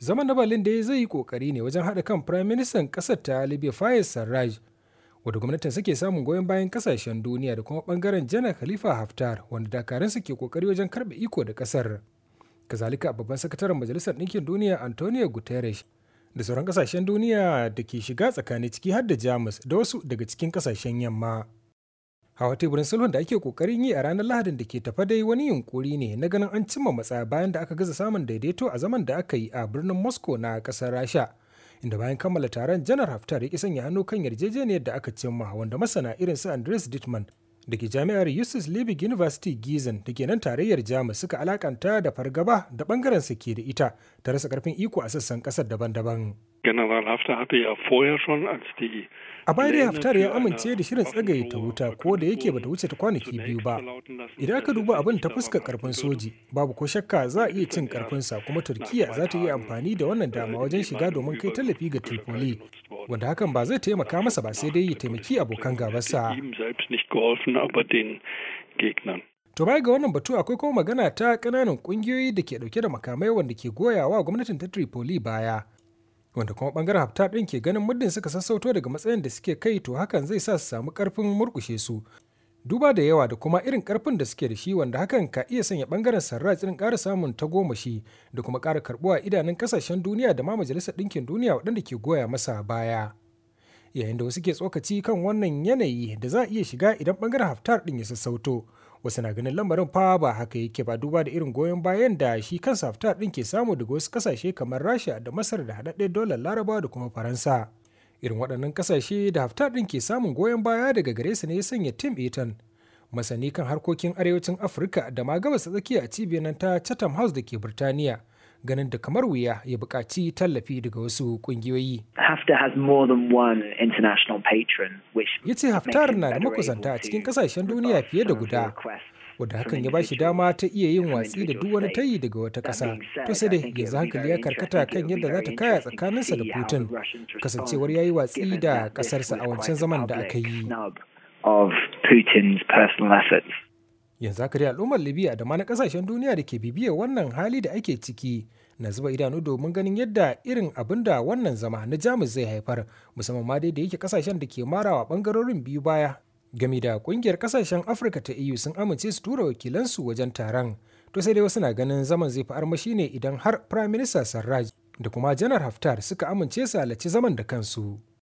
zaman na berlin dai zai yi kokari ne wajen haɗa kan prime minister ƙasar ta libya fayez sarraj wadda gwamnatin suke samun goyon bayan kasashen duniya da kuma bangaren janar khalifa haftar wanda dakarun ke kokari wajen karɓe iko da ƙasar kazalika babban sakataren majalisar ɗinkin duniya antonio guterres da sauran kasashen duniya da ke shiga tsakani ciki har da jamus da wasu daga cikin kasashen yamma hawa teburin sulhun da ake kokarin yi a ranar lahadin da ke tafa dai wani yunkuri ne na ganin an cimma matsaya bayan da aka gaza samun daidaito a zaman da aka yi a birnin moscow na kasar rasha inda bayan kammala taron janar haftar ya ki sanya hannu kan yarjejeniyar da aka cimma wanda masana irin su andres dittman da ke jami'ar yusuf libig University gizan da ke nan tarayyar Jamus suka alakanta da fargaba da bangaren ke da ita ta rasa karfin iko a sassan kasar daban-daban. General Haftar hatte ja vorher schon als die A baya dai Haftar ya amince da shirin tsagaye ta wuta ko da yake bata wuce ta kwanaki biyu ba. Idan aka duba abin ta fuska karfin soji, babu ko shakka za a iya cin karfin sa kuma Turkiya za ta yi amfani da wannan dama wajen shiga domin kai tallafi ga Tripoli, wanda hakan ba zai taimaka masa ba sai dai ya taimaki abokan gabarsa. To baya ga wannan batu akwai kuma magana ta kananan kungiyoyi da ke dauke da makamai wanda ke goyawa gwamnatin ta Tripoli baya. wanda kuma bangaren haftar din ke ganin muddin suka sassauto daga matsayin da suke kai to hakan zai sa su samu karfin murkushe su duba da yawa da kuma irin karfin da suke da shi wanda hakan ka iya sanya bangaren sarraj din ƙara samun ta tagomashi da kuma ƙara karbuwa idanun kasashen duniya da ma majalisar ɗinkin duniya waɗanda ke goya masa baya yayin da wasu ke tsokaci kan wannan yanayi da za a iya shiga idan bangaren haftar ɗin ya sassauto wasu na ganin lamarin fa ba haka yake ba duba da irin goyon bayan da shi kansa haftar din ke samu daga wasu kasashe kamar rasha da masar da hadade dolar laraba da kuma faransa irin waɗannan kasashe da haftar ɗin ke samun goyon baya daga gare su ne ya sanya tim eton masani kan harkokin arewacin afirka da ma gabas tsakiya a cibiyar ta chatham house da ke birtaniya ganin da kamar wuya ya buƙaci tallafi daga wasu ƙungiyoyi. Ya ce Haftar na da makusanta a cikin ƙasashen duniya fiye da guda. wadda hakan ya ba shi dama ta iya yin watsi da duk wani tayi daga wata ƙasa to sai dai yanzu hankali ya karkata kan yadda za ta kaya tsakaninsa da putin kasancewar ya yi watsi da ƙasarsa a wancan zaman da aka yi yanzu haka dai al'ummar libya da ma na kasashen duniya da ke bibiyar wannan hali da ake ciki na zuba idanu domin ganin yadda irin abin da wannan zama na jamus zai haifar musamman ma dai da yake kasashen da ke marawa bangarorin biyu baya gami da kungiyar kasashen afirka ta eu sun amince su tura wakilansu wajen taron to sai dai wasu na ganin zaman zai fi armashi ne idan har prime minister sarraj da kuma janar haftar suka amince su halarci zaman da kansu